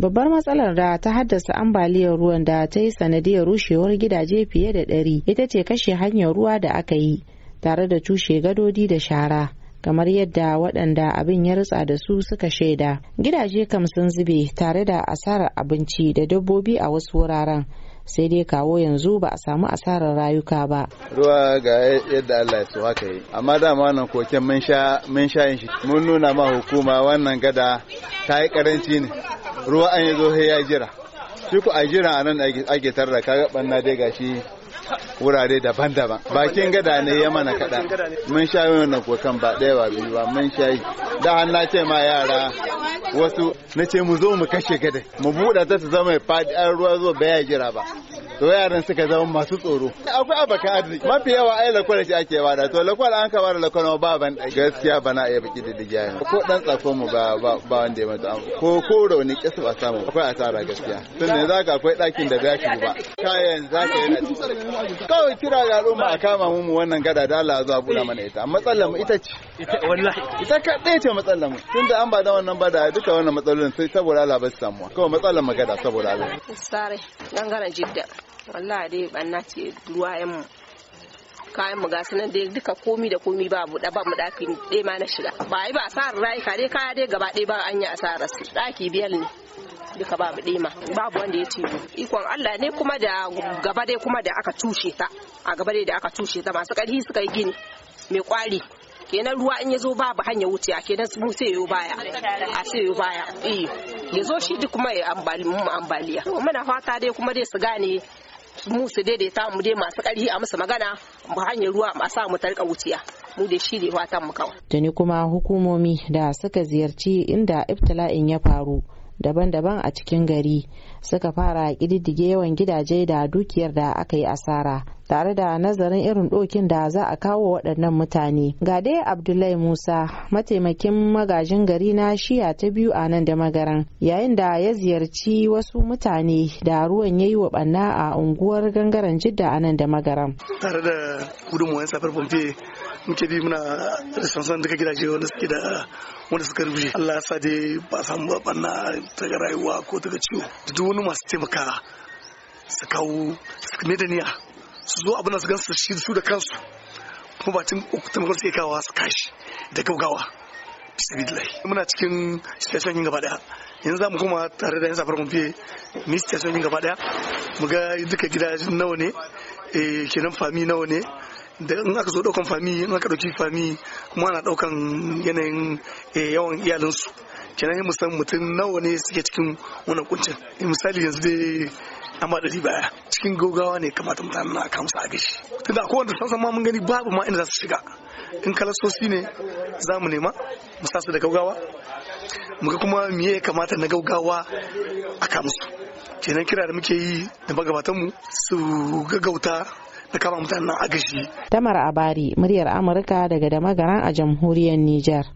babbar matsalar da ta haddasa ambaliyar ruwan da ta yi sanadiyar rushewar gidaje fiye da ɗari ita ce kashe hanyar ruwa da aka yi tare da tushe gadodi da shara kamar yadda waɗanda abin ya rutsa da su suka shaida gidaje kam sun zube tare da asarar abinci da dabbobi a wasu wuraren sai dai kawo yanzu ba a samu asarar rayuka ba ruwa ga yadda Allah ya haka yi amma dama wannan koken mun sha mun sha yin shi mun nuna ma hukuma wannan gada ta yi karanci ne ruwa an yi zo sai ya jira shi ku a jira a nan da tarra kaga banna dai gashi wurare daban-daban bakin gada ne ya mana kaɗa mun sha wannan kokan ba ɗaya ba biyu ba mun sha yi da har ce ma yara wasu na ce mu zo mu kashe gada mu buɗa ta ta zama faɗi ruwa zo baya jira ba to yaran suka zama masu tsoro akwai abakan arziki mafi yawa ai lakwal shi ake bada to lakwal an ka bada lakwal ba ban gaskiya ba na iya baki da digiya ko dan tsafon mu ba ba wanda ya mata ko ko rauni kisa ba samu akwai asara gaskiya tun ne zaka akwai dakin da zaki ba kayan zaka yana kawai kira ga al'umma a kama mu wannan gada da Allah zuwa bula mana ita matsalar mu ita ce wallahi ita kadai ce matsalar mu tunda an ba da wannan ba da duka wannan matsalolin sai saboda Allah ba su samu kawai matsalar magada saboda Allah sare dangana jidda wallahi dai banna ce ruwayen mu kayan mu gasu nan dai duka komi da komi ba mu ba mu daki dai ma na shiga ba yi ba asarar rayuka dai kaya dai gaba dai ba an yi asarar su daki biyar ne duka babu ɗema babu wanda ya ce ikon Allah ne kuma da gaba dai kuma da aka tushe ta a gaba dai da aka tushe ta masu ƙarfi suka yi gini mai kwari kenan ruwa in yazo zo babu hanya wuce a kenan mu sai yo baya a sai yo baya eh yazo shi duk kuma ya ambali mu ambaliya muna fata dai kuma dai su gane mu su daidaita mu dai masu ƙarfi a musu magana mu hanyar ruwa a sa mu tarka wuciya mu da shi ne watan mu kawai. Tuni kuma hukumomi da suka ziyarci inda iftila'in ya faru daban-daban a cikin gari suka fara ƙididdige yawan gidaje da dukiyar da aka yi asara tare da nazarin irin dokin da za a kawo waɗannan mutane ga dai abdullahi musa mataimakin magajin gari na shiya ta biyu a nan da magaran yayin da ya ziyarci wasu mutane da ruwan ya yi wa ɓanna a unguwar gangaren jidda a nan da magaran tare da gudunmuwan safar famfe muke bi muna sansan duka gidaje wanda suke da wanda suka rubuce Allah ya sa dai ba samu ba ta rayuwa ko ta ciwo duk wani masu taimaka su kawo su da niyya su zo abin da su gansu shi su da kansu kuma batun taimakon suke kawo su kashi da gaugawa muna cikin station yin gaba daya yanzu za mu kuma tare da yan safar kumfiye ni station yin gaba daya mu ga duka gidajen nawa ne eh, kenan fami nawa ne da in aka zo daukan fami in aka dauki fami kuma ana daukan yanayin eh, yawan iyalinsu kenan yi musamman mutum nawa ne suke cikin wannan kuncin misali yanzu dai amma da baya cikin gogawa ne kamata mutane na kamsa a gashi tunda akwai wanda sansan ma mun gani babu ma inda za su shiga in kalasosi ne za mu nema mu sa su da gaugawa muka kuma miye ya kamata na gaugawa a kamsu kenan kira da muke yi da magabatanmu su gaggauta da kama mutanen agashi. Tamar Abari, muryar Amurka daga Damagaran a jamhuriyar Nijar.